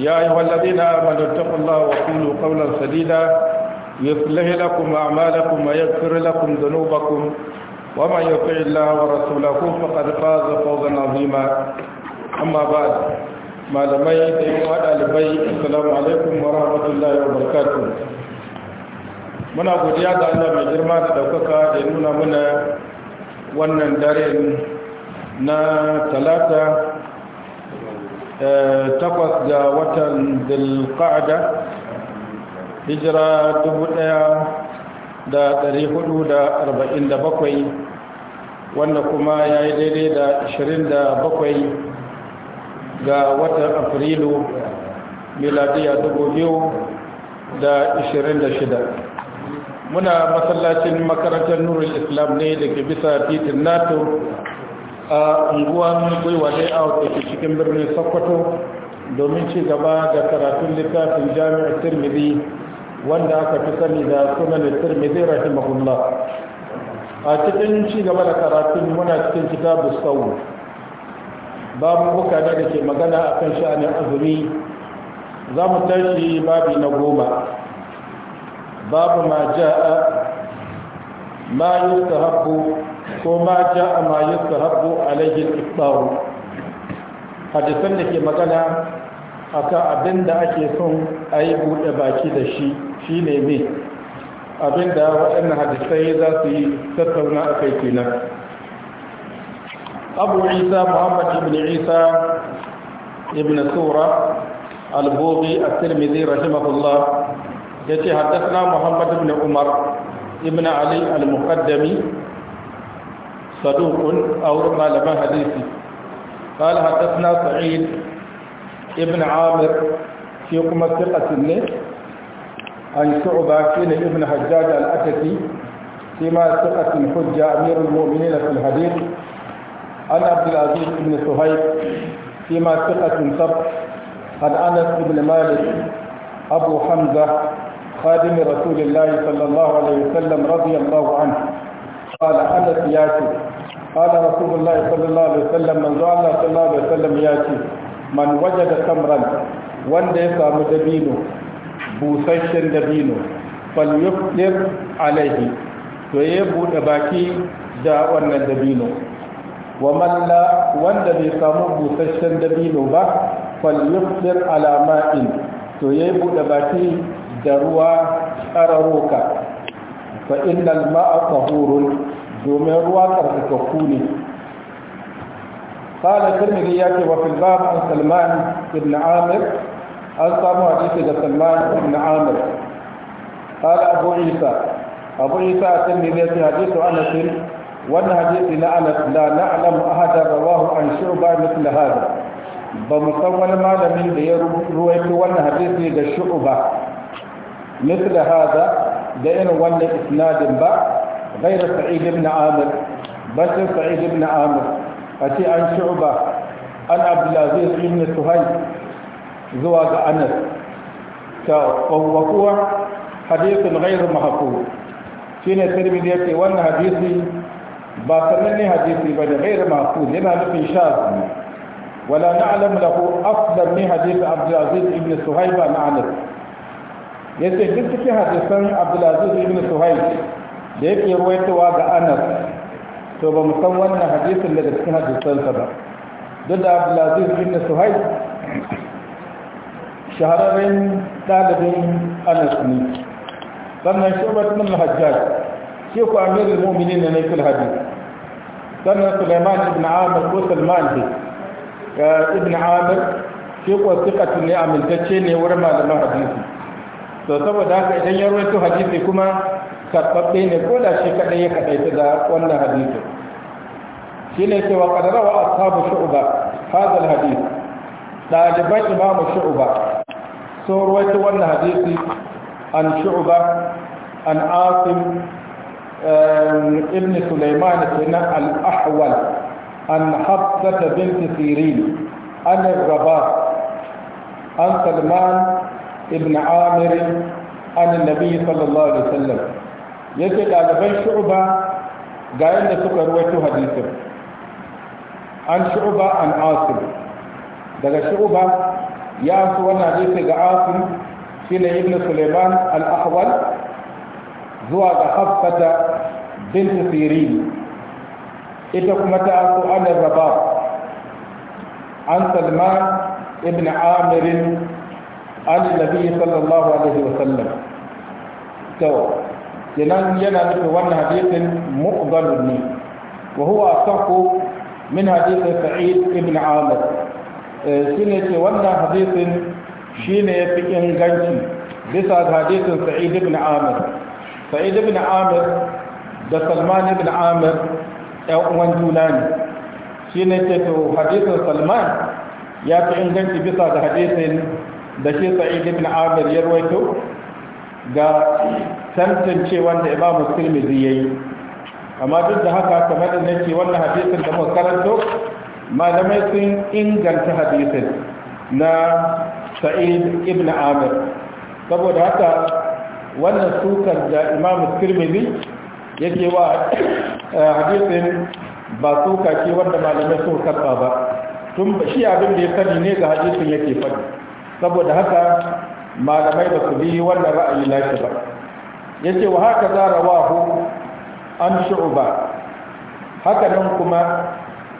يا أيها الذين آمنوا اتقوا الله وقولوا قولا سديدا يصلح لكم أعمالكم ويغفر لكم ذنوبكم ومن يطع الله ورسوله فقد فاز فوزا عظيما أما بعد ما لميت أيها البيت السلام عليكم ورحمة الله وبركاته muna godiya ga Allah mai girma da ɗaukaka da nuna mana wannan daren na talata Eh, takwas ga watan dilqa'ada hijira dubu ɗaya da dari hudu da arba'in da bakwai wanda kuma ya yi daidai da ashirin da bakwai ga watan afrilu miladiya dubu biyu da ashirin da shida muna masallacin makarantar nurul islam ne da ke bisa titin nato a unguwan gwiwa layout da ke cikin birnin sokoto domin ci gaba da karatun littafin jami'ar tirmidhi wanda aka fi sani da sunan tirmidhi rahimahullah a cikin ci gaba da karatun muna cikin kitabu sau babu buka da ke magana a akan sha'anin azumi za mu tashi babi na goma babu ma ja'a ما يستحب وما جاء ما a عليه الإفطار hadisan da ke magana akan abin da ake son a yi buɗe baki da shi shi ne ne abin da waɗannan hadisai za su yi tattauna a kai kenan abu isa muhammad ibn isa ibn sura albobi a tirmidhi rahimahullah yace haddasa muhammad ibn umar ابن علي المقدمي صدوق أو ما حديثي قال حدثنا سعيد ابن عامر في قمة ثقة عن شعبة كين ابن حجاج الأتتي فيما ثقة الحجة أمير المؤمنين في الحديث عن عبد العزيز بن صهيب فيما ثقة سبق عن أنس بن مالك أبو حمزة خادم رسول الله صلى الله عليه وسلم رضي الله عنه قال أنا ياتي قال رسول الله صلى الله عليه وسلم من زعل الله صلى الله عليه وسلم ياتي من وجد تمرا وان يسام دبينه بوسش دبينه فليفطر عليه ويبود باكي جاء وان دبينه ومن لا وان يسام بوسش دبينه با فليفطر على ماء ويبود باكي da ruwa fa innal ma'a tahurun domin ruwa ne قال الترمذي ياتي وفي الباب عن سلمان بن عامر أنصر حديث سلمان بن عامر قال أبو عيسى أبو عيسى الترمذي في حديث أنس وأن حديث أنس لا نعلم أحد رواه عن شعبة مثل هذا بمصور ما لم يروي وأن حديث لشعبة مثل هذا دين ون إسناد با غير سعيد بن عامر بشر سعيد بن عامر أتي عن شعبة عن عبد العزيز بن سهيل زواج أنس وهو حديث غير محفوظ shine tirmidhi yake wannan hadisi ba sananne hadisi bane ghairu mahfuz yana nufin shaz wala na'lamu lahu afdal min hadith Abdul Aziz ibn Suhayb na Anas ya ce duk cikin hadisan abdulaziz ibn suhaib da yake ruwaitowa ga anas to ba mu san wannan hadisin daga cikin hadisansa ba duk da abdulaziz ibn suhaib shahararren ɗalibin anas ne sannan shubatun hajjaj shi ku amirin mumini na naifin hadis sannan suleiman ibn amir ko salman ne ibn amir shi ku sikatun ne amintacce ne wurin malaman hadisi to saboda haka idan ya rawaito hadisi kuma karɓaɓɓe ne ko da shi kaɗai ya kaɗaita da wannan hadisi shi ne cewa ƙararrawa a sabu shu'uba hazal hadisi ɗaliban imamu shu'uba so rawaito wannan hadisi an shu'uba an asim ibn sulaiman kenan al-ahwal an hafsata binti sirin an rabah an salman ibn amir an nabi sallallahu alaihi wasallam yace ɗaliban shu'ba ga yadda suka ruwaito hadisin an shu'ba an asim daga shu'ba ya asu wannan hadisi ga asim shine ibn suleiman al-ahwal zuwa ga hafsata bint sirin ita kuma ta asu an rabab an salman ibn amir عن النبي صلى الله عليه وسلم تو ينان ينا نفوان حديث مقبل مني وهو أصح من حديث سعيد بن عامر سنة إيه، وانا حديث شين في إنجانش بساد حديث سعيد بن عامر سعيد بن عامر ده سلمان بن عامر أو من جولان سنة حديث سلمان يا في إنجانش بساد حديث da shi sa'id ibn amir ya rawaito ga tantance wanda imam tirmidhi yayi amma duk da haka kamar da nake wannan hadisin da muka karanto malamai sun inganta hadisin na sa'id ibn amir saboda haka wannan sukar da imam tirmidhi yake wa eh, hadisin ba suka ce wanda malamai sun karba ba tun shi abin da ya sani ne ga hadisin yake faɗi saboda haka malamai ba su biyi wannan ra'ayi lafi ba yace wa haka za rawahu an Shu'uba. haka nan kuma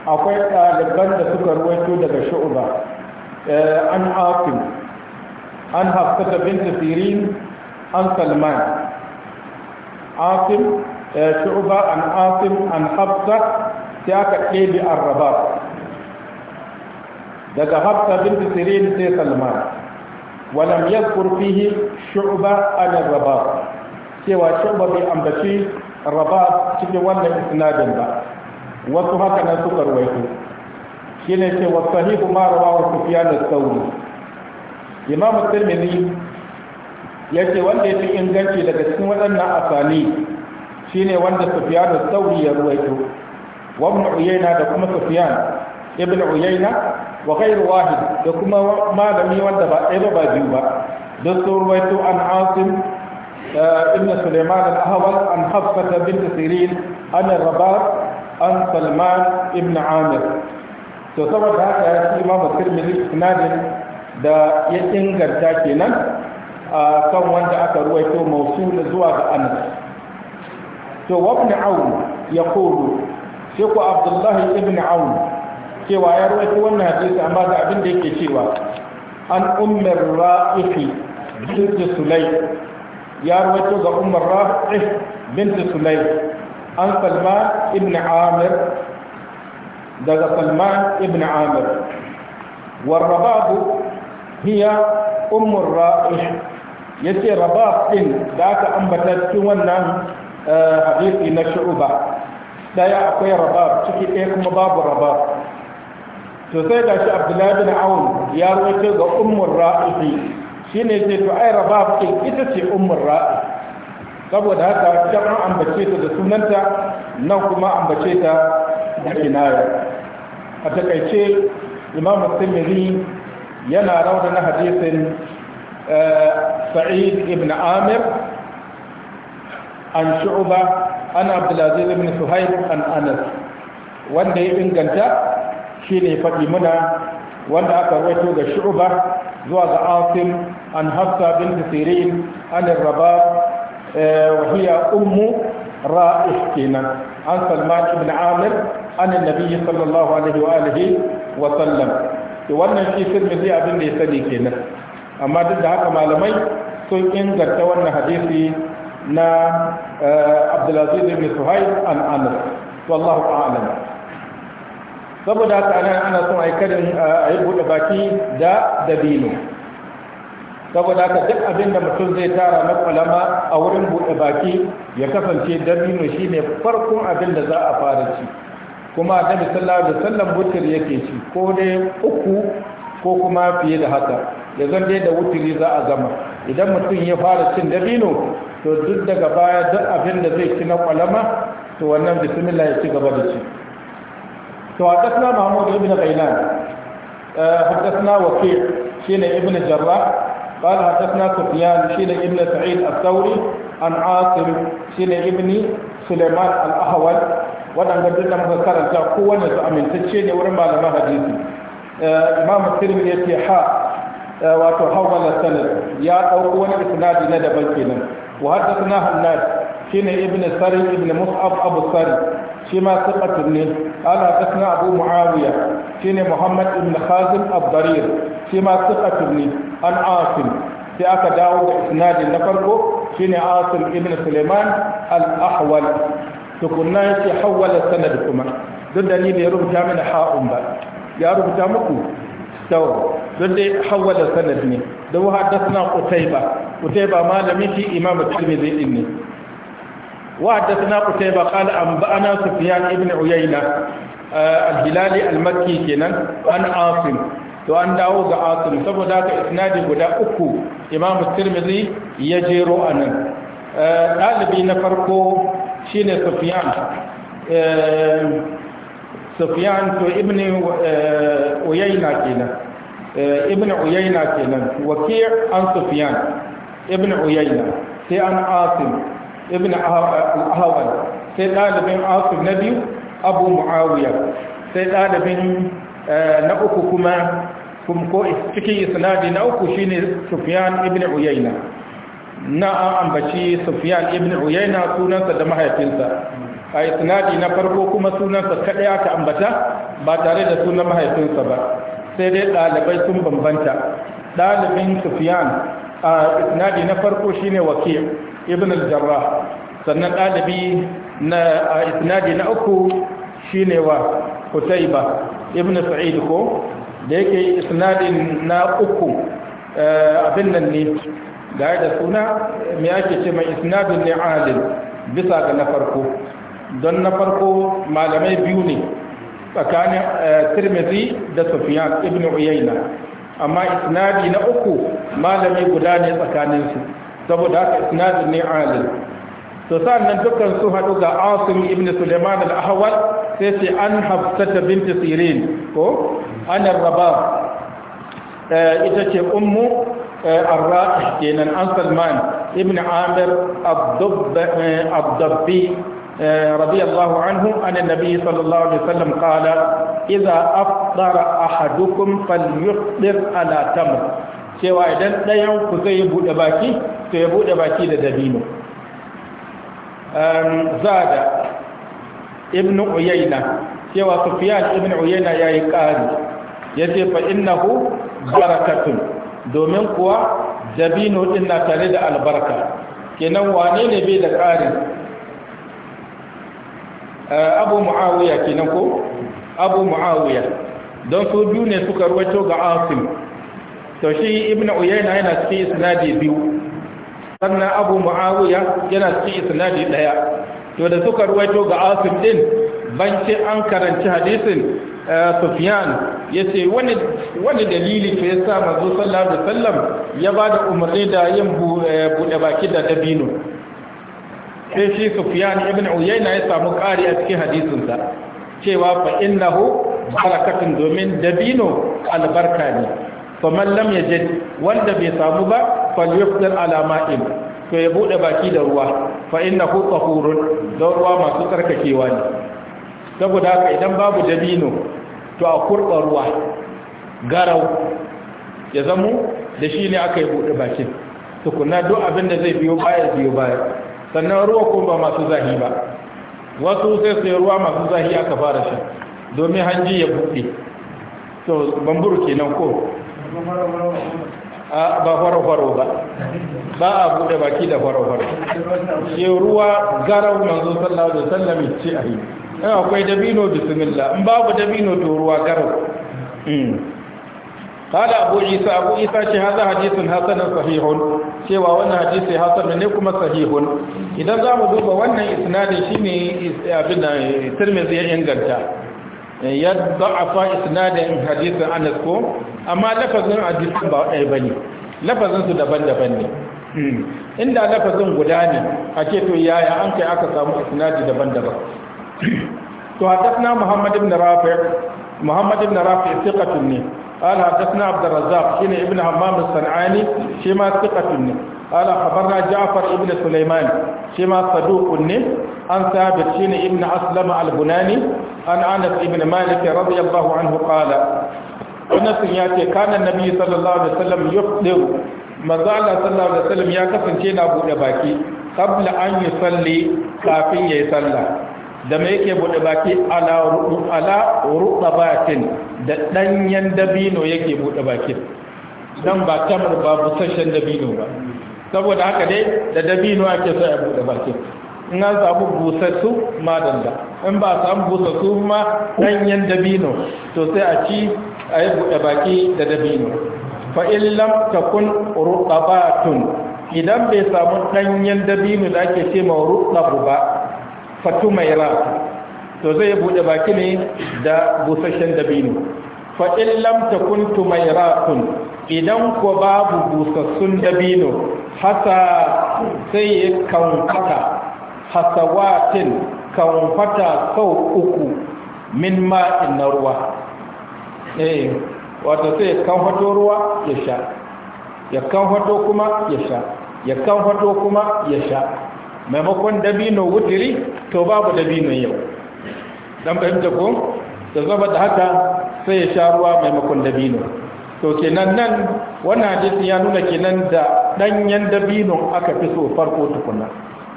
akwai ɗaliban da suka ruwaito daga Shu'uba. Eh, an asim an da binta sirin an salman asim eh, Shu'uba an asim an hafsa sai aka ɗebe arraba daga hafsa binti sirin sai salman walam yadhkur fihi shu'ba an raba. cewa shu'ba bai ambaci rabat cikin wannan isnadin ba wasu haka na suka ruwaito shine ce wa sahihu ma rawahu sufyan al-thawri imam at-tirmidhi yace wanda yafi inganci daga cikin waɗannan asali shine wanda su fiya da thawri ya ruwaito wa ibn uyayna da kuma su sufyan ibn uyayna wa ghairu wahid da kuma malami wanda ba ɗaya ba biyu ba da surwaito an asim eh, ibn Suleiman al-Ahwal an Hafsata bint Sirin an Rabat an Salman ibn Amir to saboda haka ya ci Imam Tirmidhi sanadin da ya inganta kenan a kan wanda aka ruwaito mausul zuwa ga Anas to wa ibn Aun yaqulu Sheikh Abdullah ibn Aun cewa ya rawaito wannan hadisi amma ga abin da yake cewa an ummar ra'ifi bint sulay ya rawaito ga ummar ra'if bint sulay an salma ibn amir daga salman ibn amir warrababu hiya ummar ra'if yace rabab din da aka ambata cikin wannan eh, hadisi na shu'ba daya akwai rabab ciki ɗaya kuma babu rabab to sai ga shi abdullahi bin Awon, ya rawaito ga ummul ra'ifi shine ce to ai rabab din ita ce ummul ra'i saboda haka can an ambace ta da sunanta nan kuma ambace ta da kinaya a takaice imam tirmidhi yana na hadisin eh, sa'id ibn amir an shu'ba an Abdullahi ibn suhaib an anas wanda ya inganta shine faɗi muna wanda aka rawaito ga shu'uba zuwa ga asim an hafsa bint sirin an raba eh, wa hiya ummu ra'ih kenan an salman ibn amir an annabi sallallahu alaihi wa alihi wa sallam to wannan shi abin da ya sani kenan amma duk da haka malamai sun inganta wannan hadisi na eh, Abdulaziz saboda haka anan ana son a yi a buɗe baki da dabino saboda haka duk abin da mutum zai tara na kwalama a wurin buɗe baki ya kasance dabino shine farkon abin da za a fara ci kuma annabi sallallahu alaihi wasallam butir yake ci ko dai uku ko kuma fiye da haka ya zan dai da wuturi za a gama idan mutum ya fara cin dabino to duk daga baya duk abin da zai ci na kwalama to wannan bismillah ya ci gaba da ci to a ƙasna mahmud ibn ghailan a ƙasna wakil shi ne ibn jarra ƙala a shi ne ibn sa'id al-sauri an asir shi ne ibn suleiman al-ahawal waɗanda duk da muka karanta kowane su amintacce ne wurin malama hadisi imam sirri ya wato hawal al-sanad ya ɗauko wani isnadi na da daban kenan wa haddasa na hannad shi ne ibn sari ibn mus'ab sari shi ma sifatun ne ana dasna abu muawiya shine muhammad ibn khazim abdarir shi ma sifatun ne an asim sai aka dawo da isnadin na farko shine asim ibn suleiman al-ahwal tukunna yake hawwala sanad kuma duk da ni bai rubuta mana ha'un ba ya rubuta muku sau don dai hawwala sanad ne don haddasa na kutaiba kutaiba malamin fi imam tirmidhi din ne وحدثنا قتيبة قال أنبأنا سفيان بن عيينة الهلالي المكي كنا عن عاصم to an dawo ga asim saboda haka isnadi guda uku imam tirmidhi ya jero anan dalibi na farko shine sufyan sufyan to ibn uyayna kenan ibn uyayna kenan waki' an sufyan ibn uyayna sai an asim ibn al-ahwan sai ɗalibin asif na biyu abu muawiya sai ɗalibin eh, na uku kuma ko cikin isnadi na uku shine sufyan ibn uyayna na an ambaci sufyan ibn uyayna sunansa da mahaifinsa a isnadi na farko kuma sunansa kaɗai aka ambata ba tare da sunan mahaifinsa ba sai dai ɗalibai sun bambanta ɗalibin sufyan a isnadi na farko shine wakil ibn al sannan ɗalibi na isnadi na uku shine wa Qutayba ibn Sa'id ko da yake isnadin na uku eh, abin nan ne ga da suna me ake ce mai isnadin ne adil bisa ga na farko don na farko malamai biyu ne tsakanin eh, Tirmidhi da Sufyan ibn Uyayna amma isnadi na uku malami guda ne tsakaninsu saboda haka isnadin ne alil to sa'annan dukkan su hadu ga asim ibn suleiman al-ahwal sai sai an hafsata binti sirin ko an rabab eh, ita ce ummu eh, arra'i kenan an salman ibn amir eh, abdabbi radiyallahu anhu an annabi sallallahu alaihi wasallam qala idza afṭara ahadukum falyufṭir ala tamr cewa idan ɗayan ku zai buɗe baki to ya buɗe baki da dabino ehm, zada ibn uyayna cewa sufyan ibn uyayna yi ƙari yace fa innahu barakatun domin kuwa dabino din na tare da albarka kenan wane ne bai da ƙari ehm, abu muawiya kenan ko abu muawiya don su biyu ne suka ruwaito ga asim to shi ibn uyayna yana cikin isnadi biyu sannan abu muawiya yana cikin isnadi daya to da suka ruwaito ga asim din banci an karanci hadisin eh, sufyan yace wani wani dalili to yasa manzo sallallahu alaihi wasallam ya bada umarni da yin bude eh, baki da dabino sai shi sufyan ibn uyayna ya samu kari a cikin hadisinsa cewa fa innahu barakatun domin dabino albarka ne faman lam yajid wanda bai samu ba falyuftir ala ma'in to ya bude baki da ruwa fa innahu tahurun don ruwa masu tsarkakewa ne saboda haka idan babu dabino to a kurba ruwa garau ya zamo da shi ne aka yi bude bakin tukunna duk abin da zai biyo baya biyo baya sannan ruwa kuma ba masu zahi ba wasu sai sai ruwa masu zahi aka fara shi domin hanji ya buɗe to bamburu kenan ko ba faro-faro ba ba a bude baki da faro-faro ke ruwa garau manzo sallallahu alaihi wasallam ce ai eh akwai dabino bismillah in babu dabino to ruwa garau Kada hmm. abu isa abu isa ce hada hadithun hasan sahihun cewa wannan hadisi hasan ne kuma sahihun idan zamu duba wannan isnadin shine abin da tirmidhi ya inganta Eh, yadda a fa isnadin hadisin anas ko amma lafazin hadisin ba ɗaya ba ne lafazin su daban-daban ne hmm. inda lafazin guda ne a ce to yaya an kai aka samu isnadi daban-daban to haddathna muhammad ibn rafi muhammad ibn rafi thiqatun ne قال حدثنا shine ibn hammam ابن sanani shi ma thiqatun منه قال خبرنا جعفر Ibn سليمان شما صدوق نه An ثابت شين ابن أسلم البناني عن an ابن مالك رضي الله عنه قال أنس ياتي كان النبي صلى الله عليه وسلم يخبر Maza Allah sallallahu alaihi wasallam ya kasance na bude baki qabla an yusalli kafin yayi sallah da me yake bude baki ala ala rubabatin da danyen dabino yake bude baki dan ba tamar ba busasshen dabino ba saboda haka dai da dabino ake sai abu da bakin in an samu busassu madanda in ba samu busassu ma ɗanyen dabino to sai a ci a yi buɗe baki da dabino fa illam takun ruqabatun idan bai samu ɗanyen dabino da ake ce ma ruqabu ba fatumaira to zai buɗe baki ne da busasshen dabino fa illam takun tumairatun idan ko babu busassun dabino hasa sai ya kanfata hasawatin kanfata sau uku min ma'in na ruwa eh wata sai ya kanfato ruwa ya sha ya kanfato kuma ya sha ya kanfato kuma ya sha maimakon dabino wutiri to babu dabino yau dan fahimta ko da zaba da haka sai ya sha ruwa maimakon dabino to kenan nan wannan hadisin ya nuna kenan da danyen dabino aka fi so farko tukuna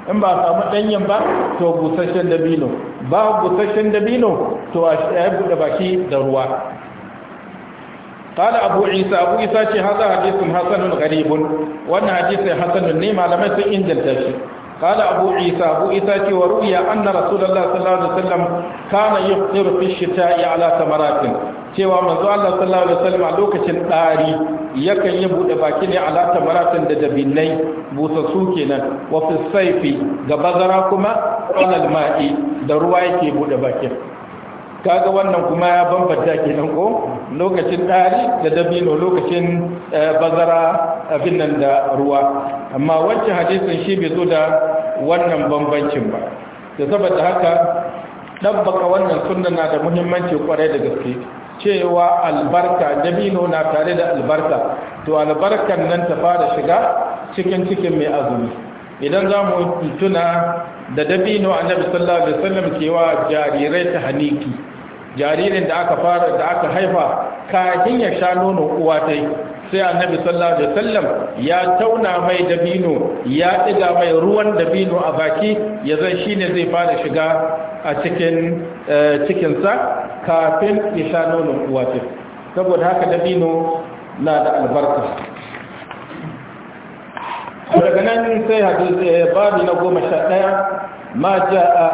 in ba samu danyen ba to busasshen dabino ba busasshen dabino to a ya bude baki da ruwa قال أبو عيسى أبو عيسى شي هذا حديث حسن غريب وأن حديث حسن نيم على مثل إنجل قال أبو عيسى أبو عيسى وروي أن رسول الله صلى الله عليه وسلم كان يفطر في الشتاء على ثمرات cewa manzo Allah sallallahu alaihi wasallam a lokacin dari yakan yi bude baki ne ala tamaratin da dabinai busassu kenan wa fi saifi ga bazara kuma alal ma'i da ruwa yake bude baki kaga wannan kuma ya bambanta kenan ko lokacin dari da dabino lokacin eh, bazara abin nan da ruwa amma wancan hadisin shi bai zo da wannan bambancin ba da saboda haka dabbaka wannan sunna na da muhimmanci kwarai da gaske cewa albarka dabino na tare da albarka to albarkan nan ta fara shiga cikin cikin mai azumi idan za mu tuna da dabino annabi sallallahu alaihi wasallam cewa jarirai ta haniki jaririn da aka fara da aka haifa kafin ya sha nono uwa ta sai annabi sallallahu alaihi wasallam ya tauna mai dabino ya diga mai ruwan dabino a baki ya zai shine zai fara shiga a cikin eh, cikin sa kafin ya sha nonon saboda haka dabino na da albarka daga nan sai hadisi eh, babu na goma sha ɗaya ma a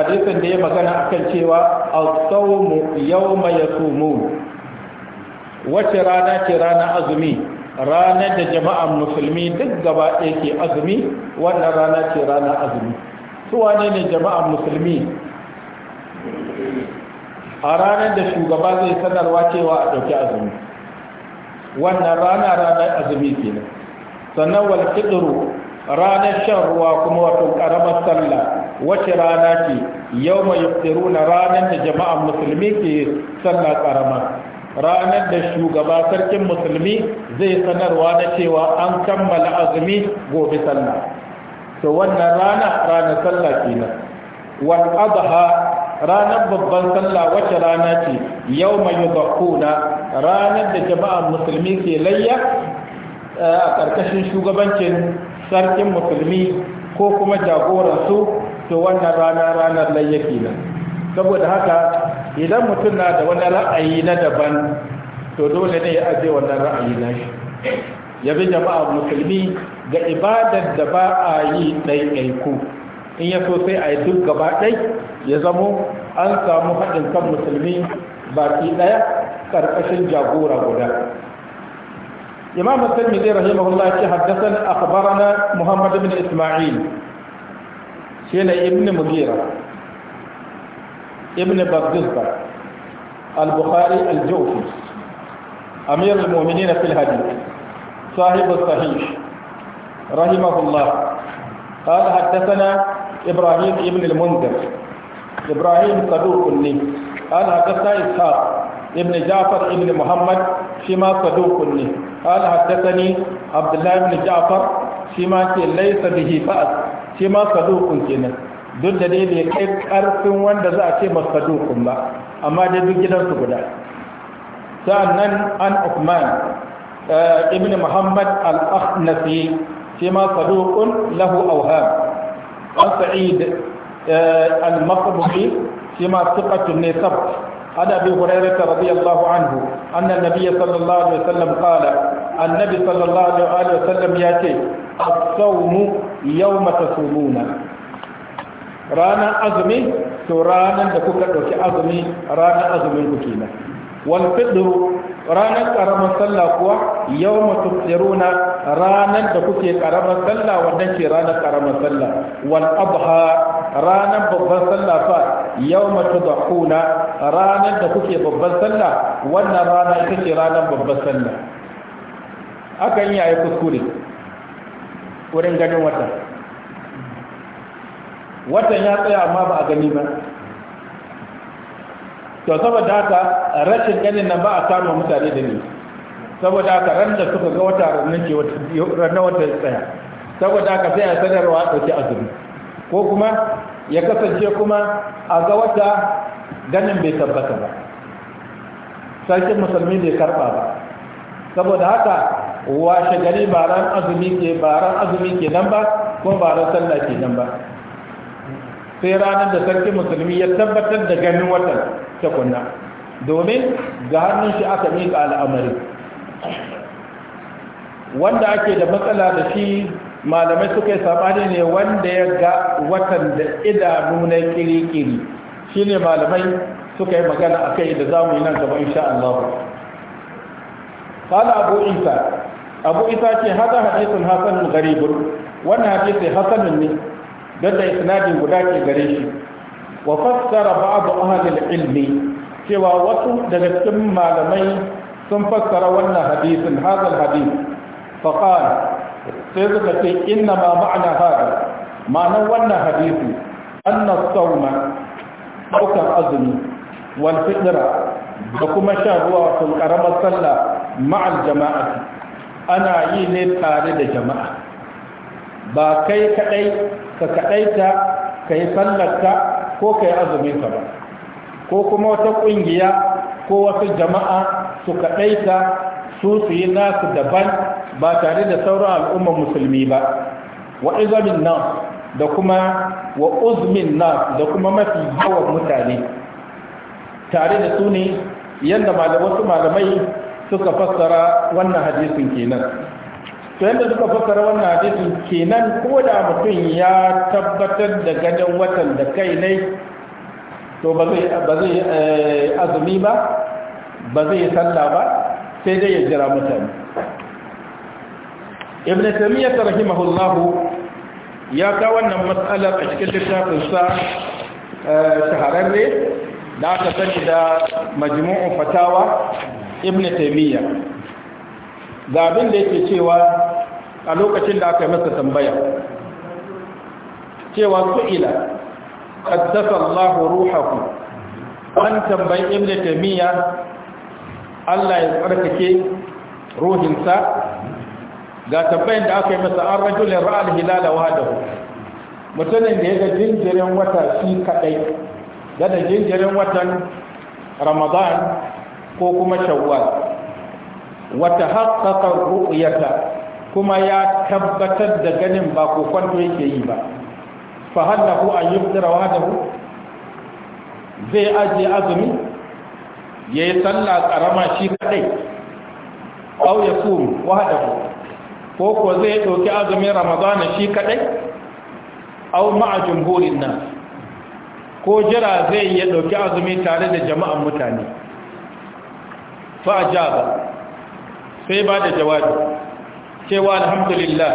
hadisin da ya magana akan cewa al-sawmu yawma yasumun wace rana ce rana azumi ranar da jama'an musulmi duk gaba ɗaya ke azumi wannan rana ce rana azumi wane ne jama'an musulmi a ranar da shugaba zai sanarwa cewa a ɗauki azumi wannan rana ranar azumi ke nan. sannan walƙiɗuru ranar shan ruwa kuma wato ƙaramar sallah wace rana ce yau mai yaftiru na ranar da jama'an musulmi ke sallah ƙaramar ranar da shugaba sarkin musulmi zai sanarwa na cewa an kammala azumi gobe sallah to wannan rana ranar sallah kenan wal adha ranar babban sallah wace rana ce yawma yudhakuna ranar da jama'ar musulmi ke layya eh, a karkashin shugabancin sarkin musulmi ko kuma jagoransu to wannan rana ranar layya kenan saboda haka idan mutum na da wani ra'ayi na daban to dole ne ya ajiye wannan ra'ayi na shi ya bi jama'a musulmi ga ibadar da ba a yi ɗaiɗaiku in ya so sai a yi duk gaba ɗai ya zamo an samu haɗin kan musulmi baki ɗaya ƙarƙashin jagora guda imam al-tirmidhi rahimahullah ya haddasan akhbarana muhammad ibn isma'il ne ibn mugira ibn bagdisba al-bukhari al-jawfi amir al-mu'minin fil hadith صاحب الصحيح رحمه الله قال حدثنا إبراهيم ابن المنذر إبراهيم صدوق لي قال حدثنا إسحاق ابن جعفر ابن محمد فيما صدوق لي قال حدثني عبد الله بن جعفر فيما ليس به بأس فيما صدوق كنا duk da dai bai kai karfin wanda za a ce masadukun ba amma dai duk gidansu guda sa'annan an Uthman eh, ibn Muhammad al-Akhnasi shi ma sadukun lahu awham an Sa'id eh, al-Maqbuhi shi ma thiqatun ne sabt عن ابي هريره رضي الله عنه ان sallallahu alaihi الله عليه وسلم قال النبي صلى الله عليه وسلم ranar azumi to ranar da kuka ɗauki azumi ranar azumin ku kenan wal fitru ranar ƙaramin sallah kuwa yawma tufsiruna ranar da kuke ƙaramin sallah wannan ce ranar ƙaramin sallah wal adha ranar babban sallah fa yawma tudhuna ranar da kuke babban sallah wannan rana ita ce ranar babban sallah akan yi yi kuskure wurin ganin wata watan ya tsaya amma ba a gani ba to saboda haka rashin ganin nan ba a samu mutane da ni saboda haka ran da suka ga wata ranar ke ranar wata tsaya saboda haka sai a sanarwa ɗauki azumi ko kuma ya kasance kuma a ga wata ganin bai tabbata ba sarkin musulmi bai karɓa ba saboda haka washe gari ba ran azumi ke ba ran azumi ke nan ba kuma ba ran sallah ke nan ba sai ranar da sarki musulmi ya tabbatar da ganin watan tukunna domin ga hannun shi aka miƙa al'amari wanda ake da matsala da shi malamai suka yi saɓani ne wanda ya ga watan da idanu na kiri shi ne malamai suka yi magana a kai da zamu yi nan gaba insha Allah kala abu isa abu isa ce haza hadisun hasanun garibun wannan hadisi hasanun ne don da isnadin guda ke gare shi wa fassara ba'du ahli ilmi cewa wasu daga cikin malamai sun fassara wannan hadisin hadal hadis fa qala sai suka ce inna ma ma'ana hada ma'anar wannan hadisi anna sauna ɗaukar azumi wal fitra da kuma shan ruwa sun karamar sallah ma'al jama'ati ana yi ne tare da jama'a ba kai kadai ka kaɗaita ka yi sallarta ko ka yi azuminka ba ko kuma wata ƙungiya ko wasu jama'a su kaɗaita su su yi nasu daban ba tare da sauran al'ummar musulmi ba wa izamin nan da kuma wa uzmin nan da kuma mafi yawan mutane tare da su ne yadda wasu malamai suka fassara wannan hadisin kenan to yadda suka fassara wannan hadisin kenan ko da mutum ya tabbatar da gadon watan da kai ne to ba zai eh, azumi ba ba zai sallah ba sai dai ya jira mutane ibn tamiyyah rahimahullah ya ga wannan matsalar a cikin littafin sa eh, shahararre da aka sani da majmu'u fatawa ibn tamiyyah ga abin da yake cewa a lokacin da aka yi masa tambaya cewa su'ila qaddasa Allah ruhahu an tambayi ibnu tamiya Allah ya tsarkake ruhinsa ga tambayin da aka yi masa an rajulin ra'al hilala wahdahu mutumin da ya ga jinjirin wata shi kadai da jinjirin watan Ramadan ko kuma Shawwal wata haqqaqa ru'yata kuma ya tabbatar da ganin ba ko kwanto yake yi ba fa hallahu an yuftira wahdahu zai aje azumi yayi sallah karama shi kadai aw yasum wahdahu ko ko zai dauki azumin ramadana shi kadai aw ma'a jumhurin nan. ko jira zai ya dauki azumi tare da jama'an mutane fa ajaba sai ba da jawabi cewa alhamdulillah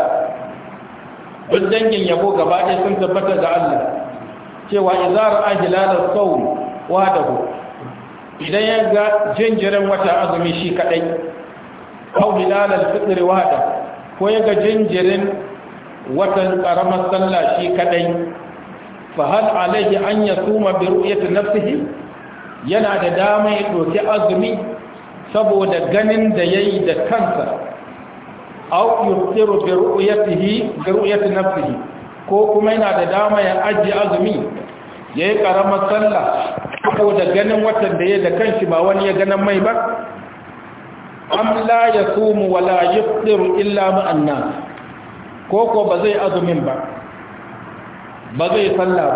duk dangin yabo gaba ɗaya sun tabbata ga Allah cewa idza ra'a hilal as-sawm wahdahu idan ya ga jinjirin wata azumi shi kadai aw hilal al-fitr ko ya ga jinjirin watan ƙaramar sallah shi kadai fa hal alaihi an yasuma bi ru'yati nafsihi yana da dama ya doki azumi saboda ganin da yayi da kansa aw yusiru bi ru'yatihi bi ru'yati nafsihi ko kuma yana da dama ya ajiye azumi yayi karamar sallah da ganin watan da ya da kanshi ba wani ya ganin mai ba am la yasumu wa la yufṭiru illa ma nas ko ko ba zai azumin ba ba zai sallah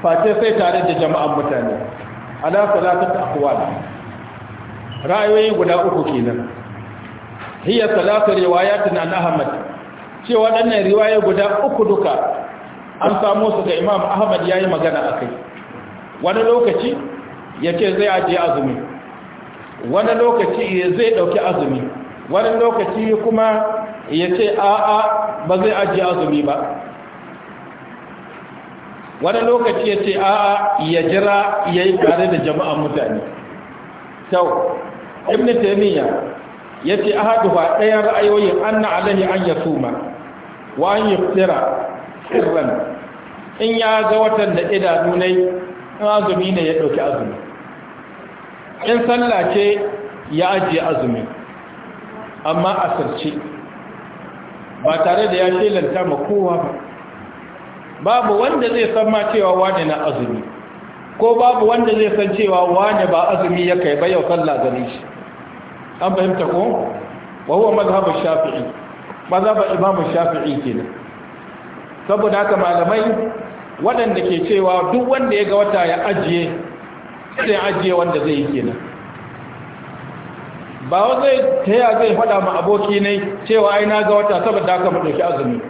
ba face sai tare da jama'an mutane ala salatati aqwal ra'ayoyi guda uku kenan hiya salatu riwayatun an ahmad ce waɗannan riwaya guda uku duka an samu su ga imam ahmad yayi magana akai wani lokaci yace zai aje azumi wani lokaci zai dauki azumi wani lokaci kuma yace a a ba zai aje azumi ba wani lokaci yace a a ya jira yayi tare da jama'an mutane sau ibn taymiya yace ahaduha ɗayan ra'ayoyin anna alaihi an yasuma wa an yuftira sirran in ya ga watan da idanu ne in azumi ne ya ɗauki azumi in sallah ce ya ajiye azumi amma a asirce ba tare da ya shelanta ma kowa ba babu wanda zai san ma cewa wane na azumi ko babu wanda zai san cewa wane ba azumi ya kai ba yau sallah gare shi an fahimta ko wa huwa mazhabu shafi'i mazhabu imamu shafi'i kenan saboda haka malamai waɗanda ke cewa duk wanda ya ga wata ya ajiye sai ajiye wanda zai yi kenan ba wa zai taya zai faɗa ma aboki ne cewa ai na ga wata saboda haka mu ɗauki azumi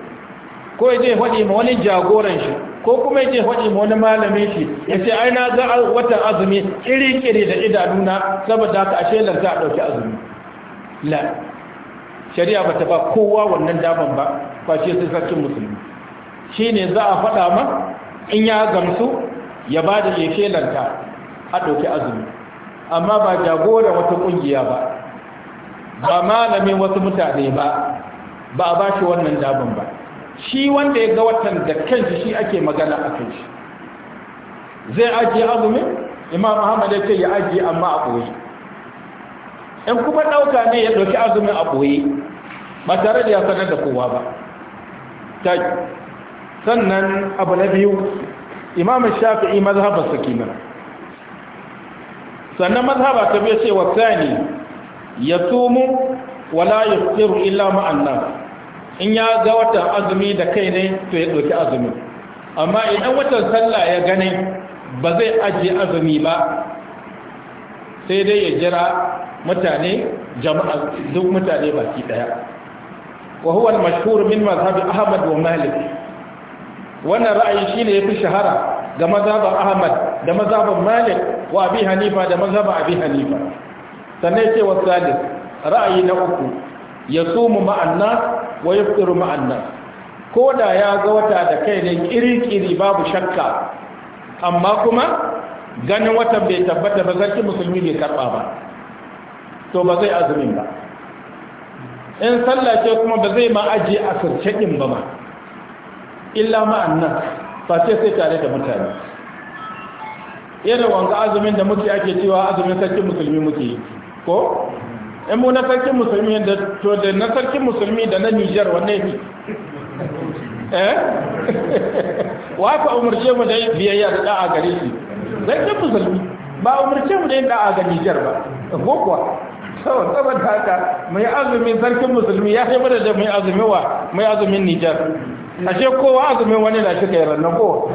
ko ya zai faɗi ma wani jagoran shi ko kuma yake faɗi wani malamin shi ya ce ai na ga watan azumi kiri-kiri da idanuna saboda ka ashe lanta a ɗauki azumi la shari'a ba ta ba kowa wannan daman ba kwashe sai sarkin musulmi shi ne za a faɗa ma in ya gamsu ya ba da yake lanta a ɗauki azumi amma ba jagoran wata ƙungiya ba ba malamin wasu mutane ba ba a ba shi wannan daban ba shi wanda ya ga watan da kanshi shi ake magana a kai shi zai ajiye azumin imam Muhammad ya ce ya ajiye amma a ɓoye in kuma ɗauka ne ya ɗauki azumin a ɓoye ba tare da ya sanar da kowa ba sannan abu na biyu imam shafi'i mazhabar sa kenan sannan mazhaba ta biyu ce wa tsani ya tumu wala yaftiru illa ma'annas in ya ga watan azumi da kai ne to ya ɗauki azumi amma idan watan sallah ya gane ba zai ajiye azumi ba sai dai ya jira mutane jama'a duk mutane baki daya wa huwa al-mashhur min mazhab Ahmad wa Malik wannan ra'ayi shine yafi shahara ga mazhaban Ahmad da mazhaban Malik wa Abi Hanifa da mazhaban Abi Hanifa sannan ce wa ra'ayi na uku ya sumu ma'anna wa tsiru ma'anna ko da ya ga wata da kai ne kiri-kiri babu shakka amma kuma ganin watan bai tabbata ba zarki musulmi bai karba ba to ba zai azumin ba in sallah ce kuma ba zai ma aji a sirce ba ma illa ma'annan ce sai tare da mutane irin wanga azumin da muke ake cewa azumin sarki musulmi muke ko in mu na sarkin musulmi da to da na sarkin musulmi da na Niger wanne ne eh wa ka umurce mu da biyayya da da'a gare shi sarkin musulmi ba umurce mu da yin da'a ga Niger ba ko kuwa saboda haka mai azumin sarkin musulmi ya sai mu da mai azumi wa mai azumin Niger ashe kowa azumin wani na cika yaran ko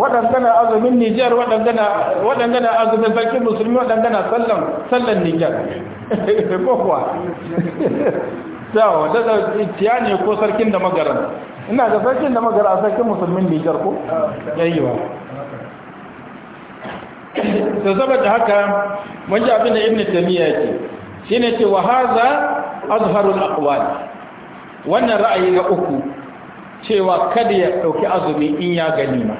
waɗangana azumin nijar waɗangana azumin sarkin musulmi waɗangana sallan sallan nijar ko kuwa yawa da tiya ne ko sarkin da magaran ina da sarkin da magara sarkin musulmin nijar ko yayiwa da saboda haka mun ji abin da ibn tamiya yake shine ce wa hadha azharul aqwal wannan ra'ayi na uku cewa kada ya ɗauki azumi in ya gani ma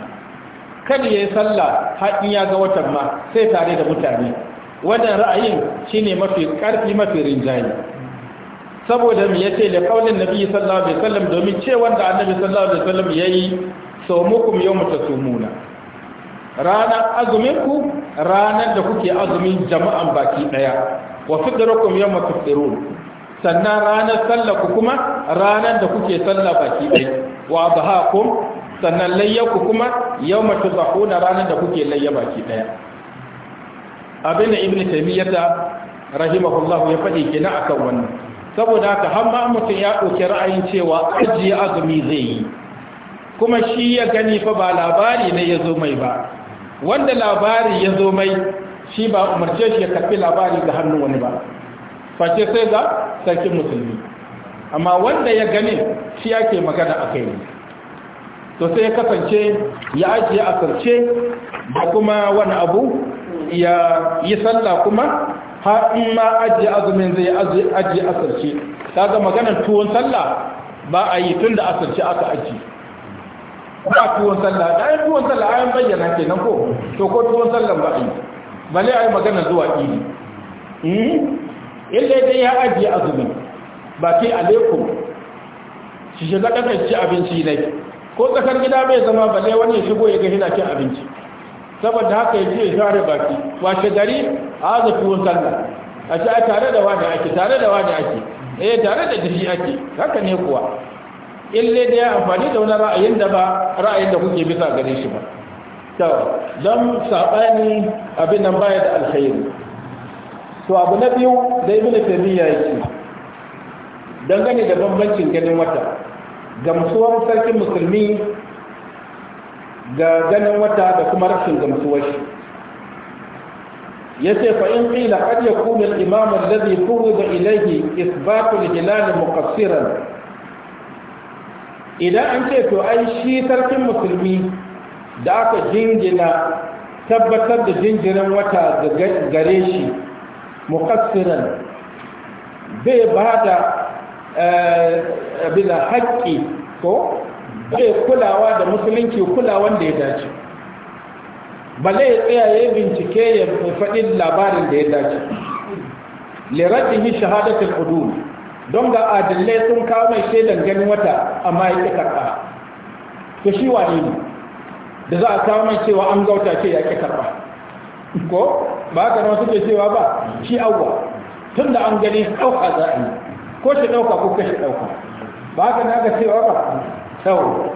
kada ya yi sallah har in ya ga watan ma sai tare da mutane wannan ra'ayin shine mafi ƙarfi mafi rinjaye saboda mu yace da kaulin nabi sallallahu alaihi wasallam domin ce wanda annabi sallallahu alaihi wasallam yayi sawmukum yawma tasumuna ranar ku, ranar da kuke azumin jama'an baki daya wa fidrakum yawma tafsirun sannan ranar sallah ku kuma ranar da kuke sallah baki ɗaya. wa bahakum sannan layyaku kuma yawma tuzahuna ranar da kuke layya baki ɗaya abin da ibnu taymiyyata rahimahullahu ya faɗi kina akan wannan saboda ka hamma mutum ya ɗauki ra'ayin cewa ajiye azumi zai yi kuma shi ya gani fa ba labari ne ya zo mai ba wanda labari ya zo mai shi ba umarce shi ya karɓi labari ga hannun wani ba face sai ga sarkin musulmi amma wanda ya gane shi ke magana a kai to sai ya kasance ya ajiye a sarce da kuma wani abu ya yi sallah kuma har in ma ajiye azumin zai ajiye a sarce ta ga maganar tuwon sallah ba a yi tun da a sarce aka ajiye ba tuwon sallah da ayin tuwon sallah ayin bayyana ke nan ko to ko tuwon sallah ba a yi bale a yi maganar zuwa iri hmm? illa dai ya ajiye azumi ba ke alaikum shi shiga kasar ci abinci ne ko kasar gida bai zama balle wani ya shigo ya ga hina cin abinci saboda haka ya ce ya share baki washe gari a za tuwon sallah a shi a tare da wani ake tare da wani ake eh tare da dashi ake haka ne kuwa illa da ya amfani da wani ra'ayin da ba ra'ayin da kuke bisa gare shi ba to don saɓani abin nan baya da alkhairi to abu na biyu da ibn taymiya yake dangane da bambancin ganin wata gamsuwar sarkin musulmi ga ganin wata da kuma rashin gamsuwar shi yace fa in qila qad yakunu al-imam alladhi furida ilayhi ithbatu al-hilal muqassiran idan an ce to ai shi sarkin musulmi da aka jingina tabbatar da jinjirin wata ga gare shi muqassiran bai ba eh, da abin haƙƙi ko bai kulawa da musulunci kulawan da ya dace bale ya tsaya ya bincike ya faɗi labarin da ya dace liradihi shahadatul udul don ga adillai sun kawo mai shaidan ganin wata amma ya ƙi karɓa to shi wani ne da za a kawo mai cewa an gauta ce ya ƙi karɓa ko ba haka na wasu cewa ba shi awwa tun da an gani ɗauka za a yi ko shi ɗauka ko kashi ɗauka ba haka na ga cewa ba sau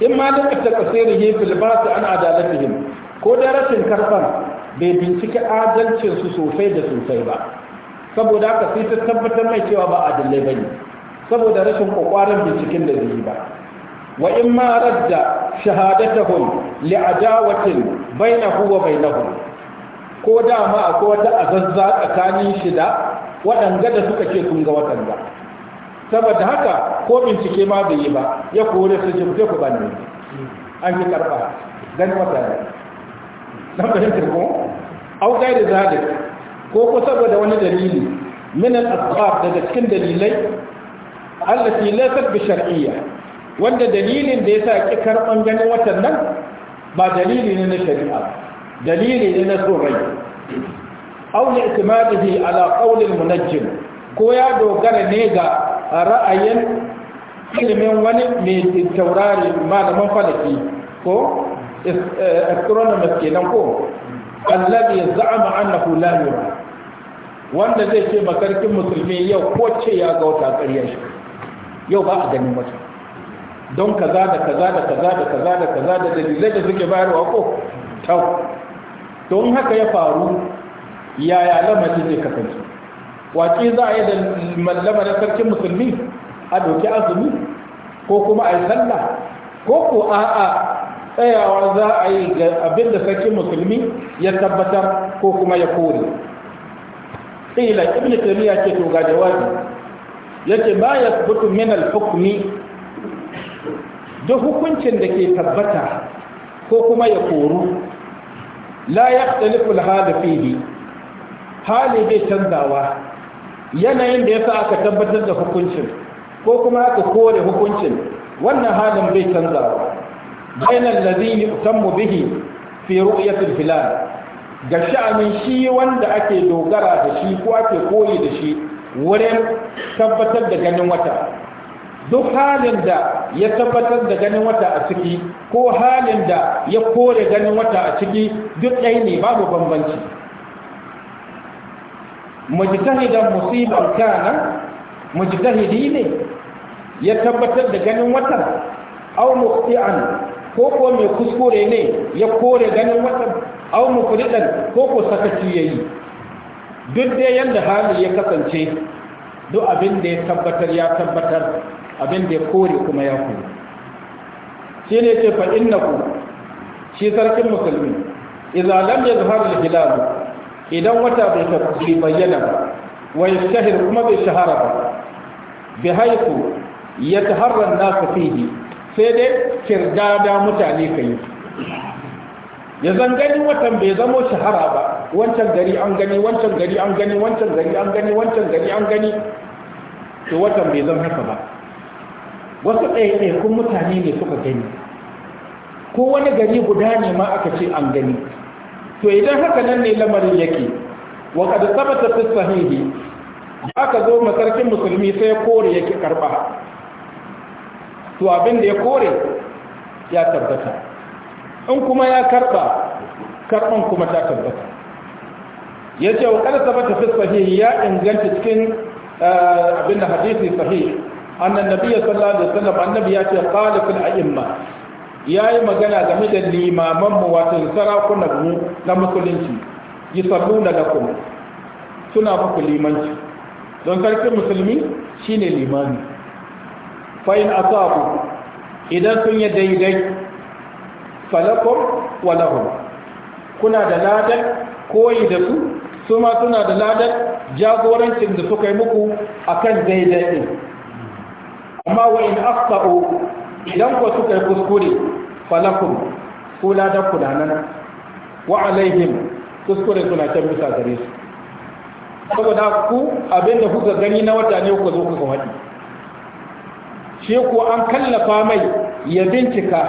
in ma da ƙasa ƙasirin yin bilbasu an adalatihim ko da rashin karɓar bai bincike su sosai da sosai ba saboda haka sai ta tabbatar mai cewa ba adalai ba ne saboda rashin kwakwaran binciken da zai yi ba wa in ma radda shahadatahum li'adawatin bainahu wa bainahu ko dama akwai wata azazza tsakanin shi da waɗanga da suka ce kun ga waɗanga saboda haka ko bincike ma bai yi ba ya kore su jimce ku banne an yi karɓa dan mutane dan fahimtar ko au gairi zalik ko ko saboda wani dalili min al daga cikin dalilai allati laysat bi shar'iyya wanda dalilin da ya sa ki karɓan ganin watan nan ba dalili ne na shari'a dalili ne na son rai itimadihi ala qaulil munajjim ko ya dogara ne ga ra'ayin ilimin wani mai taurari malaman falaki ko eh, eh, astronomers kenan ko allazi za'ama annahu la yura wanda zai ce makarkin musulmi yau ko ce ya ga wata ƙarya shi yau ba a ganin wata don kaza da kaza da kaza da kaza da kaza da dalilai da suke bayarwa ko tau don haka ya faru yaya lamarin zai kasance wace za a yi da lamarin sarkin musulmi a doki azumi ko kuma a yi sallah ko ko a'a tsayawa za a yi ga abin da sarkin musulmi ya tabbatar ko kuma ya kore ƙila ibn taymiya ke to ga jawabi yake ba yasbutu min al-hukmi duk hukuncin da ke tabbata ko kuma ya koru la ya tsalifin hali hali bai canzawa yanayin da ya sa aka tabbatar da hukuncin ko kuma aka kore hukuncin wannan halin bai canzawa bayanan lazini usammu bihi fi ru'yatul hilal ga sha'anin shi wanda ake dogara da shi ko ake koyi da shi wurin tabbatar da ganin wata duk halin da ya tabbatar da ganin wata a ciki ko halin da ya kore ganin wata a ciki duk ɗai ne babu bambanci mujtahidan musibar kana mujtahidi ne ya tabbatar da ganin wata aw muqti'an ko ko mai kuskure ne ya kore ganin wata aw mufridan ko ko sakaci yayi duk dai yanda hali ya kasance duk abin da ya tabbatar ya tabbatar abin da ya kore kuma ya kore shi ne ce fa ku shi sarkin musulmi idza lam yazhar al-hilal idan wata bai tafi bayyana ba wa yashtahir kuma bai shahara ba bi haythu yataharra an-nas fihi sai dai kirdada mutane kai ya zan gani watan bai zamo shahara ba wancan gari an gani wancan gari an gani wancan gari an gani wancan gari an gani to watan bai zan haka ba wasu ɗaiɗaikun mutane ne suka gani ko wani gari guda ne ma aka ce an gani to idan haka nan ne lamarin yake wa kad sabata fi sahihi aka zo masarkin musulmi sai kore yake karba to abin da ya kore ya tabbata in kuma ya karba karban kuma ta tabbata ya ce wa kada sabata fi sahihi ya inganta cikin eh, abin da hadisi sahihi annan nabiyya sallallahu alaihi wasallam annabi ya ce qala fil a'imma yayi magana game da limaman mu wato sarakunan mu na musulunci yusalluna lakum suna muku limanci don sarkin musulmi shine limami fa in asabu idan sun yi daidai falakum wa lahum kuna da ladan koyi da su su ma suna da ladan jagorancin da suka yi muku akan daidai din amma wa in akhta'u idan ku suka yi kuskure falakum kula da kulanana wa alaihim kuskure suna can bisa gare su saboda ku abinda kuka gani na wata ne ku zo ku faɗi shi ko an kallafa mai ya bincika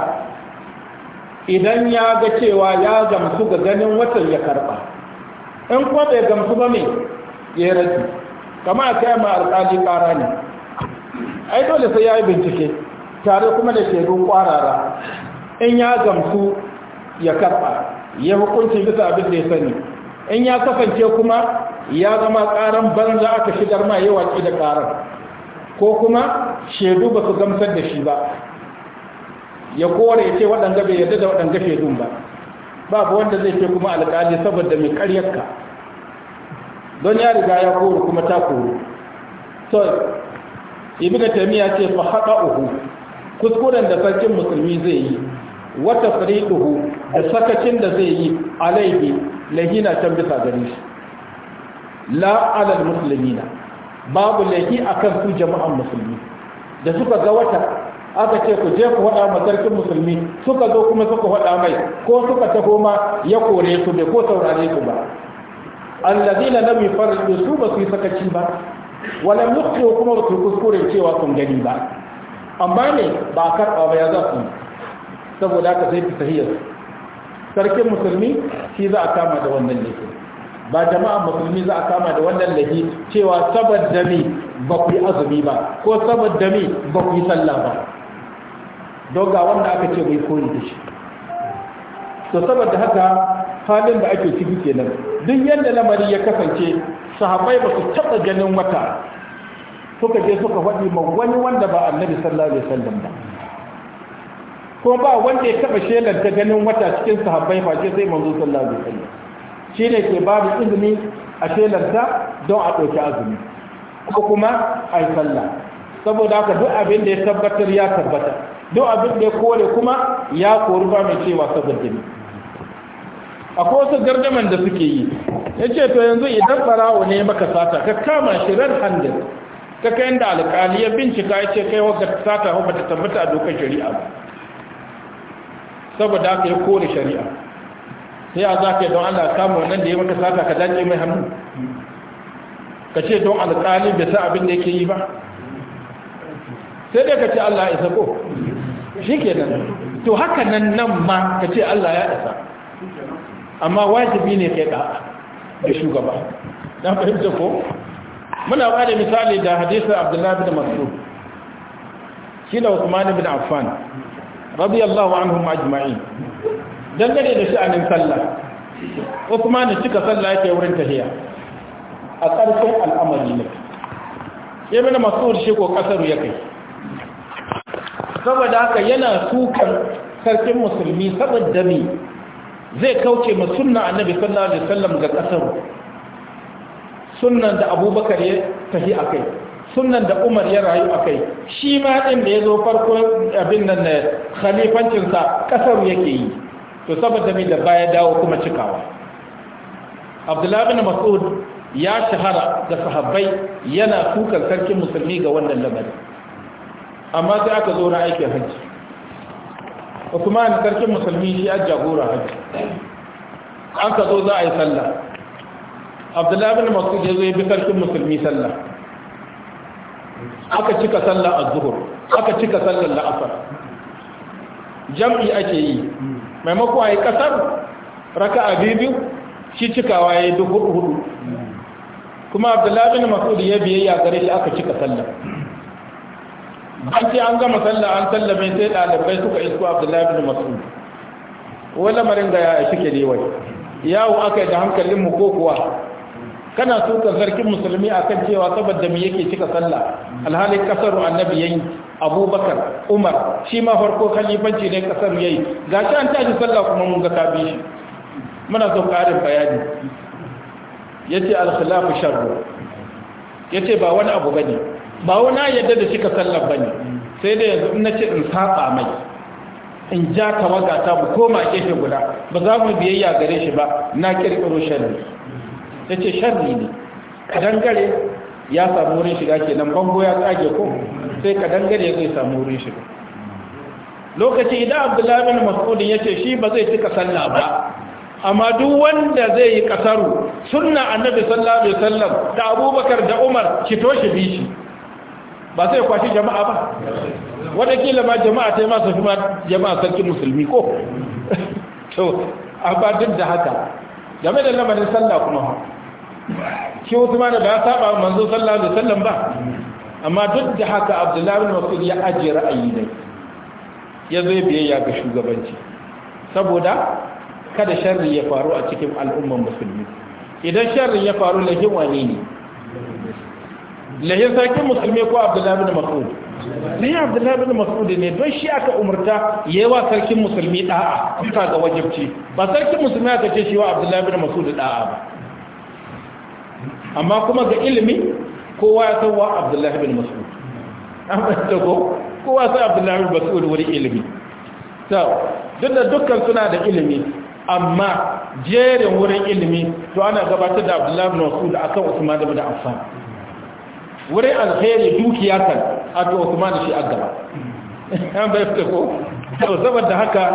idan ya ga cewa ya gamsu ga ganin watan ya karba in kuma bai gamsu ba mai ya raji kama a kai ma alƙali ƙara ne ai dole sai ya yi bincike tare kuma da shaidun kwarara in ya gamsu ya karɓa ya hukunci bisa abin da ya sani in ya kasance kuma ya zama ƙaran banza aka shigar ma yawa watsi da ƙaran ko kuma shaidu ba su gamsar da shi ba ya kore ce waɗanda bai yarda da waɗanda shaidun ba babu wanda zai ce kuma alƙali saboda mai ƙaryarka don ya riga ya kore kuma ta kore so ibn tamiya ce fa uhu kuskuren da sarkin musulmi zai yi wata fariquhu da sakacin da zai yi alaihi lahina can bisa gare shi la alal muslimina babu lahi akan su jama'an musulmi da suka ga wata aka ce ku je ku faɗa ma sarkin musulmi suka zo kuma suka faɗa mai ko suka taho ma ya kore su bai ko saurare ku ba allazina lam yufarridu su ba su yi sakaci ba wala yukhti kuma ba ku kuskure cewa kun gani ba amma ne ba karɓa ba ya za ku saboda haka sai fisahiyar sarkin musulmi shi za a kama da wannan laifi ba jama'a musulmi za a kama da wannan laifi cewa saboda dami ba ku yi azumi ba ko saboda dami ba ku yi sallah ba don ga wanda aka ce bai koyi da shi to saboda haka halin da ake ciki kenan duk yadda lamari ya kasance sahabbai ba su taɓa ganin wata suka je suka faɗi ma wani wanda ba annabi sallallahu alaihi wasallam ba ko ba wanda ya taɓa shelar ta ganin wata cikin sahabbai ba sai manzo sallallahu alaihi wasallam shine ke babu izini a shelar ta don a ɗauki azumi ko kuma ai yi sallah saboda haka duk abin da ya tabbatar ya tabbata duk abin da ya kore kuma ya kori ba mai cewa saboda ne akwai wasu gardaman da suke yi ya ce to yanzu idan farawo ne maka sata ka kama shi red handed ka kayan da alƙali ya bincika ya ce kai wadda sata ba ta tabbata a dokar shari'a ba saboda aka yi kore shari'a sai a za ka yi don allah kama wannan da ya maka sata ka dace mai hannu ka ce don alƙali bai sa abin da yake yi ba sai dai ka ce allah ya isa ko shi kenan to haka nan nan ma ka ce allah ya isa amma wajibi ne kai da da shugaba dan fahimta ko muna bada misali da hadisin Abdullah bin Mas'ud shi da Uthman bin Affan radiyallahu anhum ajma'in dangane da sha'anin sallah Uthman cika sallah yake wurin tahiyya a ƙarshen al'amari ne sai bin Mas'ud shi ko kasaru ya kai saboda haka yana sukan sarkin musulmi saboda me zai kauce ma sunna annabi sallallahu alaihi wasallam ga kasar sunnan da abubakar ya tafi a kai sunnan da umar ya rayu a kai shi ma din da ya zo farko abin nan na khalifancinsa ƙasar yake yi to saboda mai da baya dawo kuma cikawa abdullahi bin mas'ud ya shahara da sahabbai yana kukan sarkin musulmi ga wannan lamarin amma sai aka zo na aikin hajji usman sarkin musulmi shi an jagora hajji an ka zo za a yi sallah abdullahi bin masud ya zo ya bi sarkin musulmi sallah aka cika sallah a zuhur aka cika sallar la'asar jam'i ake yi maimako a yi kasar raka a biyu shi cikawa ya yi duk hudu kuma abdullahi bin masud ya biyayya gare shi aka cika sallah bayan an gama sallah an sallame sai ɗalibai suka isko abdullahi bin mas'ud wani lamarin da ya shike ne wai yawo aka da hankalin mu ko kuwa kana so ka zargin musulmi akan cewa saboda me yake cika sallah alhalin kasar annabi yayi abubakar umar shi ma farko khalifanci ne kasar yayi shi an tashi sallah kuma mun ga tabi shi muna so karin bayani yace al khilafu sharru yace ba wani abu bane ba wani yadda da suka sallar ba ne sai da yanzu na ce in saba mai in ja waga ta mu koma kefe guda ba za mu biyayya gare shi ba na kirkiro sharri ya ce sharri ne kadangare ya samu wurin shiga kenan bango ya tsage ko sai kadangare ya zai samu wurin shiga lokaci idan abdullahi bin mas'udin ya ce shi ba zai cika sallah ba amma duk wanda zai yi kasaru sunna annabi sallallahu alaihi wasallam da abubakar da umar ki toshe bishi ba sai kwashi jama'a ba watakila ma jama'a ta yi masu ma jama'a sarkin musulmi ko to ba duk da haka game da lamarin sallah kuma ha shi ma da ya saba manzo sallah da sallan ba amma duk da haka abdullahi bin mas'ud ya ajiye ra'ayi ne ya biya biyayya ga shugabanci saboda kada sharri ya faru a cikin al'ummar musulmi idan sharri ya faru lahin wane ne lahi sarkin musulmi ko abdullahi bin mas'ud lahi abdullahi bin mas'ud ne don shi aka umarta wa sarkin musulmi da'a bisa ga wajibci ba sarkin musulmi aka ce shi wa abdullahi bin mas'ud da'a ba amma kuma ga ilimi kowa ya san wa abdullahi bin mas'ud an fahimta ko kowa sai abdullahi bin mas'ud wani ilimi to duk da dukkan suna da ilimi amma jerin wurin ilimi to ana gabatar da abdullahi bin mas'ud akan usman bin affan wurin alkhairi dukiya kan a to shi a gaba an bai fita ko to saboda haka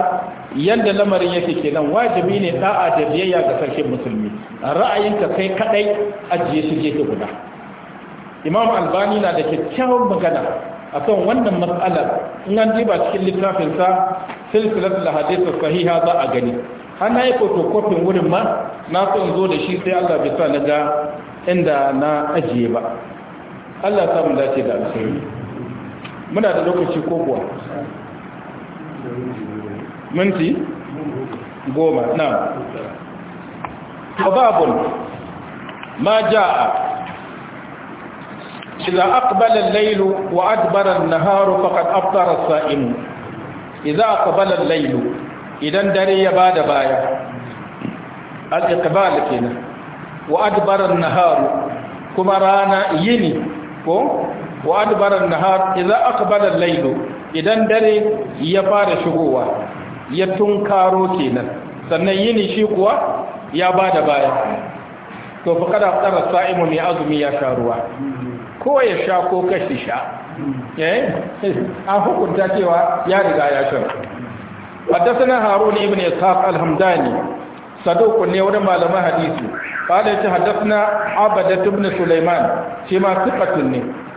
yadda lamarin yake kenan wajibi ne da'a da biyayya ga sarkin musulmi ra'ayinka kai kadai ajiye shi ke guda imam albani na da kyakkyawan magana A kan wannan matsalar in an diba cikin littafinsa silsilatul hadith sahiha za a gani ana yi fotokofin wurin ma na so in zo da shi sai Allah bai sa na ga inda na ajiye ba Allah samu dace da alkhairi muna da lokaci ko kuwa minti goma na babun ma ja'a idza aqbala al-layl wa adbara an-nahar faqad aftara as-sa'im idza aqbala al-layl idan dare ya bada baya al-iqbal kina wa adbara an-nahar kuma rana yini ko wa adbaran nahar idza aqbala al-layl idan dare ya fara shigowa ya tunkaro kenan sannan yini shi kuwa ya bada baya to fa kada tsara sa'imun mai azumi ya sha ko ya sha ko kashi sha eh an hukunta cewa ya riga ya sha حدثنا هارون ابن إسحاق الهمداني صدوق نيور معلم حديث قال حدثنا عبدة بن سليمان فيما ثقة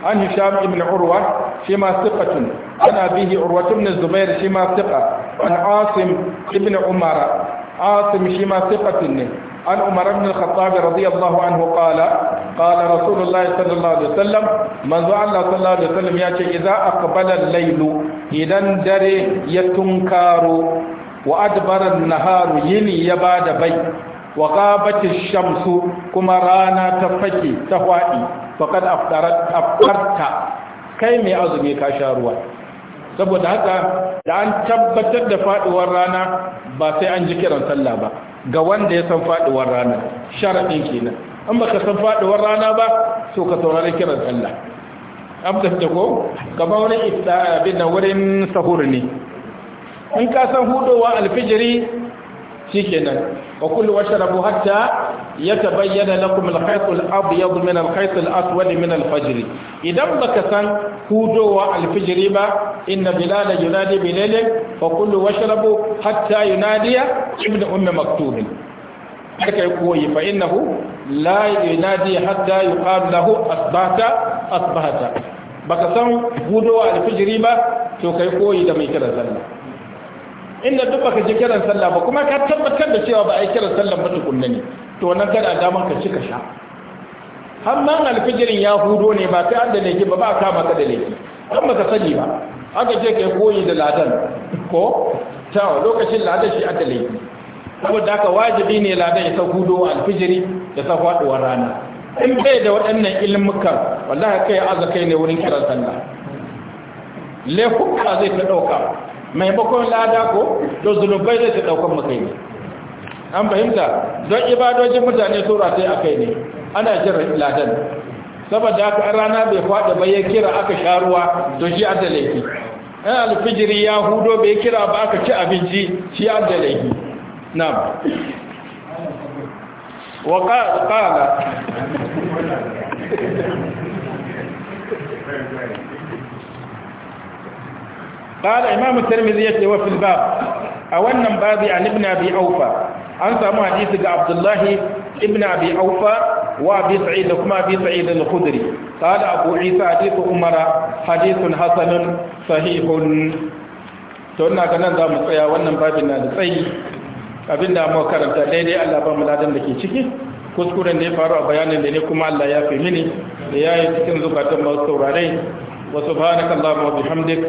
عن هشام بن عروة فيما ثقة عن أبيه عروة بن الزبير فيما ثقة عن عاصم بن عمر عاصم فيما ثقة عن عمر بن الخطاب رضي الله عنه قال قال رسول الله صلى الله عليه وسلم من زعل صلى الله عليه وسلم يأتي إذا أقبل الليل إذا دري يتنكار wa adbaran naharu yini ya bada bai wa qabati shamsu kuma rana ta fake ta fadi faqad aftarat kai mai azumi ka sha ruwa saboda haka da an tabbatar da faduwar rana ba sai an ji kiran sallah ba ga wanda ya san faduwar rana sharadin kenan an baka san faduwar rana ba to ka saurari kiran sallah abda ko kamar wani abin wurin sahur ne in ka san hudowa alfijiri kenan, wa kullu washrabu hatta yatabayyana lakum al-khayt al-abyad min al-khayt al-aswad min al-fajr idan baka san hudowa al-fajr ba inna bilala yunadi bilalin fa kullu washrabu hatta yunadiya ibn umm maktub haka ya koyi fa innahu la yunadi hatta yuqal lahu asbahta asbahta baka san hudowa al-fajr ba to kai koyi da mai kira sallah inda duk baka je kiran sallah ba kuma ka tabbatar da cewa ba a yi kiran sallah ba tukunna ne to wannan kana damar ka cika sha har ma alfijirin ya hudo ne ba ta da laifi ba ba ka maka da laifi kan baka sani ba aka je kai koyi da ladan ko ta lokacin ladan shi aka laifi saboda haka wajibi ne ladan ya sauko do alfijiri da ta faduwar rana in bai da waɗannan ilmukan wallahi kai azakai ne wurin kiran sallah laifuka zai ta ɗauka Mai maimakon lada ko to zunubai zai ta daukan makai ne an fahimta don ibadojin mutane tura sai kai ne ana jira ladan saboda haka rana bai faɗi ba ya kira aka sharuwa ruwa to shi an laifi alfijiri ya hudo bai kira ba aka ci abinci shi an da na wa ƙala قال إمام الترمذي وفي الباب أولا بابي عن ابن أبي أوفى أنت حديث عبد الله ابن أبي أوفى وأبي سعيد كما أبي سعيد الخدري قال أبو عيسى حديث عمر حديث حسن صحيح تقولنا كنا ذا na da tsayi لسي abinda muka karanta daidai Allah ba mu ladan da ke ciki kuskuren da ya faru a bayanin da ne kuma Allah ya fi mini da yayi cikin zukatan masu saurare wa subhanakallahumma wa bihamdika